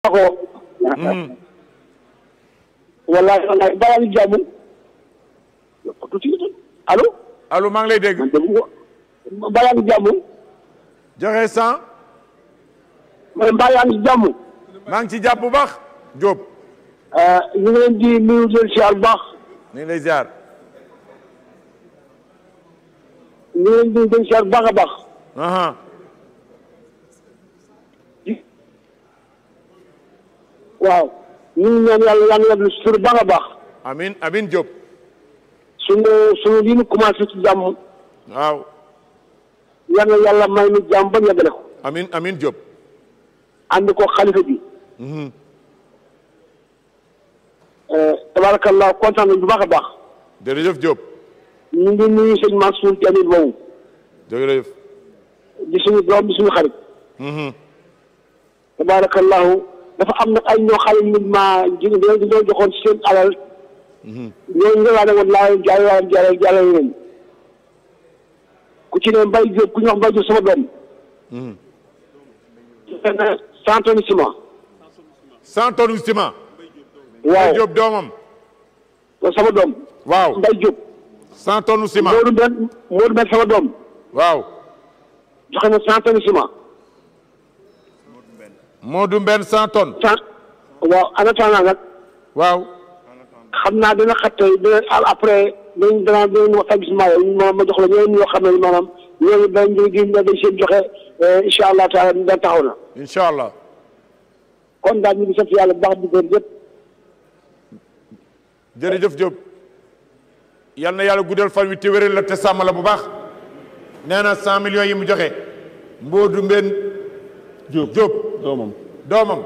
ako hmm. wallahi wallahi balaa ñu jàmm yokk tuuti allo allo maa ngi lay dégg balaa ñu jàmm joxe san man balaa ñu jàmm maa ngi ci jàpp bu baax Diop euh, ñu ngi leen di nuyu del siyaar bu baax ñu ngi lay ziar ñu ngi leen di del siyaar bu baax a baax waaw ñu ngi ñaan yàlla yàlla yàlla na sutur ba nga baax. amin amin Diop. suñu suñu lii ñu commencé ci jàmm. waaw. yàlla yàlla may nu jàmm ba ñeggale ko. amin amin Diop. ànd ko xalifa bi. Mhm. Eh, tabarakallah kontaan nañu bu baax a baax. jërëjëf Diop. ñu ngi nuyu sëñ Mansour Diagne boobu. jërëjëf. di suñu doom di suñu xarit. Mhm. tabarakallahu dafa am nag ay ñoo xam ne maa ji ñoo joxoon seen alal. Mhm. ñooñu dafa ne woon laa jàllale jàllale jàllale leen ku ci ne mbay jóob ku ñu wax mbay jóob sama doom. benn mhm. cent tonnes ciment. cent tonnes ciment. waaw mbay jóob doomam. sama doom. waaw mbay jóob. cent tonnes ciment Modou Mbène Modou Mbène sama doom. waaw. joxe na cent tonnes ciment. moo du benn cent tonnes. cent waaw ana waaw. xam naa dina xat tey dina après dañ danaa dinañ waxtaan bis ma la ñooñu xam ne dañ seen joxe eh, incha allah taala dañ taxaw na. allah. kon daal ñu ngi sant yàlla bu baax di gërëm yëpp. jërëjëf yal na yàlla guddal fan wi te wéral la te bu baax. nee na cent millions yi mu joxe. Modou Mbène Diop doomam doomam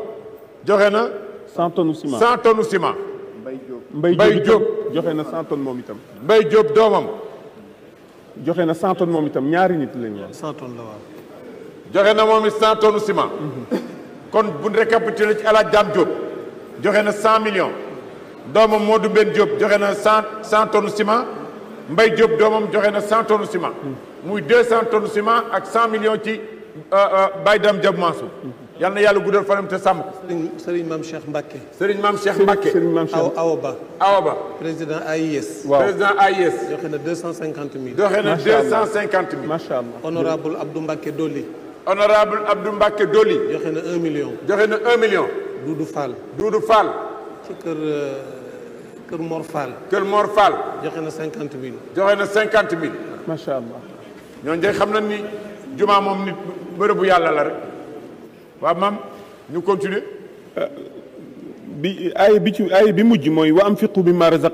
joxe na. 100 tonnes ciment 100 tonnes ciment. Mbaye Diop joxe na 100 moom itam. Mbaye Diop doomam. joxe na 100 moom itam ñaari nit lañu wax. 100 la joxe na moom it 100 tonnes kon bu ñu récapitulé ci El Hadj Dame joxe na 100 millions. doomam Modou Ben Diop joxe na 100 100 tonnes ciment. Mbaye doomam joxe na 100 tonnes ciment. muy 200 tonnes ciment ak 100 millions ci euh, euh, Baye Dame Diop yal na yàlla guddal fanam te sàmm. Serigne maam Cheikh Mbacke. Serigne maam Cheikh Mbacke Serigne maam Cheikh Awa président AIS. waaw président AIS. joxe na deux cent cinquante mille. joxe na cent cinquante mille. macha allah honorable Abdou Mbacke Doli. honorable Abdou Mbacke Doli. joxe na un million. joxe na un million. Doudou Fall. Doudou Fall. ci kër euh, kër Mor Fall. kër na cinquante mille. joxe na cinquante mille. macha allah. ñooñu de xam na ni juma moom nit bërëbu yàlla la rek. waaw maam ñu continuer euh, bi aay bi ci aay bi mujj mooy wa anfiqu mimma razaq